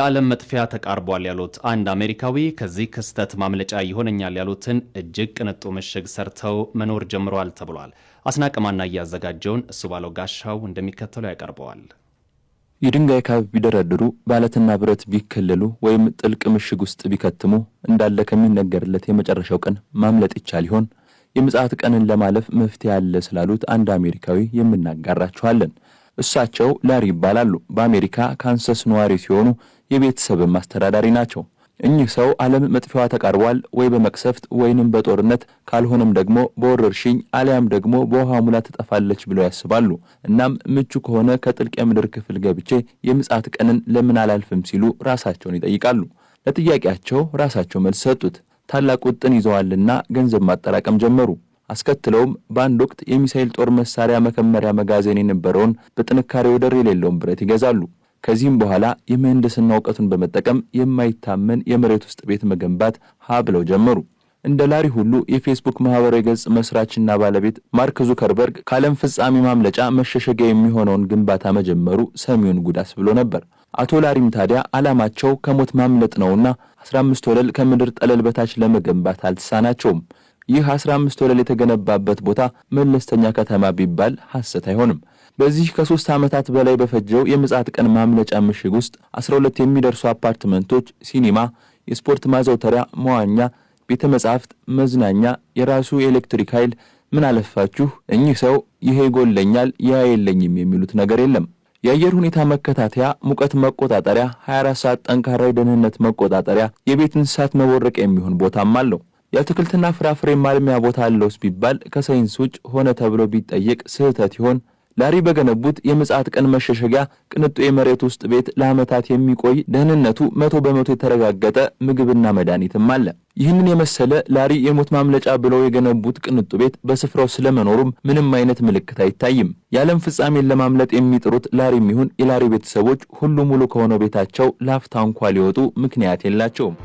የዓለም መጥፊያ ተቃርቧል ያሉት አንድ አሜሪካዊ ከዚህ ክስተት ማምለጫ ይሆነኛል ያሉትን እጅግ ቅንጡ ምሽግ ሰርተው መኖር ጀምረዋል ተብሏል። አስናቀማና እያዘጋጀውን እሱ ባለው ጋሻው እንደሚከተለው ያቀርበዋል። የድንጋይ ካብ ቢደረድሩ ባለትና ብረት ቢከለሉ ወይም ጥልቅ ምሽግ ውስጥ ቢከትሙ እንዳለ ከሚነገርለት የመጨረሻው ቀን ማምለጥ ይቻል ይሆን? የምጽአት ቀንን ለማለፍ መፍትሄ አለ ስላሉት አንድ አሜሪካዊ የምናጋራችኋለን። እሳቸው ላሪ ይባላሉ። በአሜሪካ ካንሰስ ነዋሪ ሲሆኑ የቤተሰብም አስተዳዳሪ ናቸው። እኚህ ሰው ዓለም መጥፊያዋ ተቃርቧል ወይ በመቅሰፍት ወይንም በጦርነት ካልሆነም ደግሞ በወረርሽኝ አሊያም ደግሞ በውሃ ሙላ ትጠፋለች ብለው ያስባሉ። እናም ምቹ ከሆነ ከጥልቅ የምድር ክፍል ገብቼ የምጽአት ቀንን ለምን አላልፍም ሲሉ ራሳቸውን ይጠይቃሉ። ለጥያቄያቸው ራሳቸው መልስ ሰጡት። ታላቅ ውጥን ይዘዋልና ገንዘብ ማጠራቀም ጀመሩ። አስከትለውም በአንድ ወቅት የሚሳኤል ጦር መሳሪያ መከመሪያ መጋዘን የነበረውን በጥንካሬው ወደር የሌለውን ብረት ይገዛሉ። ከዚህም በኋላ የምህንድስና እውቀቱን በመጠቀም የማይታመን የመሬት ውስጥ ቤት መገንባት ሀ ብለው ጀመሩ። እንደ ላሪ ሁሉ የፌስቡክ ማህበራዊ ገጽ መስራችና ባለቤት ማርክ ዙከርበርግ ከዓለም ፍጻሜ ማምለጫ መሸሸጊያ የሚሆነውን ግንባታ መጀመሩ ሰሚውን ጉዳስ ብሎ ነበር። አቶ ላሪም ታዲያ ዓላማቸው ከሞት ማምለጥ ነውና 15 ወለል ከምድር ጠለል በታች ለመገንባት አልተሳናቸውም። ይህ 15 ወለል የተገነባበት ቦታ መለስተኛ ከተማ ቢባል ሐሰት አይሆንም። በዚህ ከሶስት ዓመታት በላይ በፈጀው የምጽአት ቀን ማምለጫ ምሽግ ውስጥ 12 የሚደርሱ አፓርትመንቶች፣ ሲኒማ፣ የስፖርት ማዘውተሪያ፣ መዋኛ፣ ቤተ መጻሕፍት፣ መዝናኛ፣ የራሱ የኤሌክትሪክ ኃይል ምን አለፋችሁ እኚህ ሰው ይሄ ይጎለኛል፣ ያ የለኝም የሚሉት ነገር የለም። የአየር ሁኔታ መከታተያ፣ ሙቀት መቆጣጠሪያ፣ 24 ሰዓት ጠንካራ የደህንነት መቆጣጠሪያ፣ የቤት እንስሳት መቦረቂያ የሚሆን ቦታም አለው። የአትክልትና ፍራፍሬ ማልሚያ ቦታ አለውስ ቢባል ከሳይንስ ውጭ ሆነ ተብሎ ቢጠየቅ ስህተት ይሆን? ላሪ በገነቡት የምጽአት ቀን መሸሸጊያ ቅንጡ የመሬት ውስጥ ቤት ለዓመታት የሚቆይ ደህንነቱ መቶ በመቶ የተረጋገጠ ምግብና መድኃኒትም አለ። ይህንን የመሰለ ላሪ የሞት ማምለጫ ብለው የገነቡት ቅንጡ ቤት በስፍራው ስለመኖሩም ምንም አይነት ምልክት አይታይም። የዓለም ፍጻሜን ለማምለጥ የሚጥሩት ላሪም ይሁን የላሪ ቤተሰቦች ሁሉ ሙሉ ከሆነው ቤታቸው ላፍታ እንኳ ሊወጡ ምክንያት የላቸውም።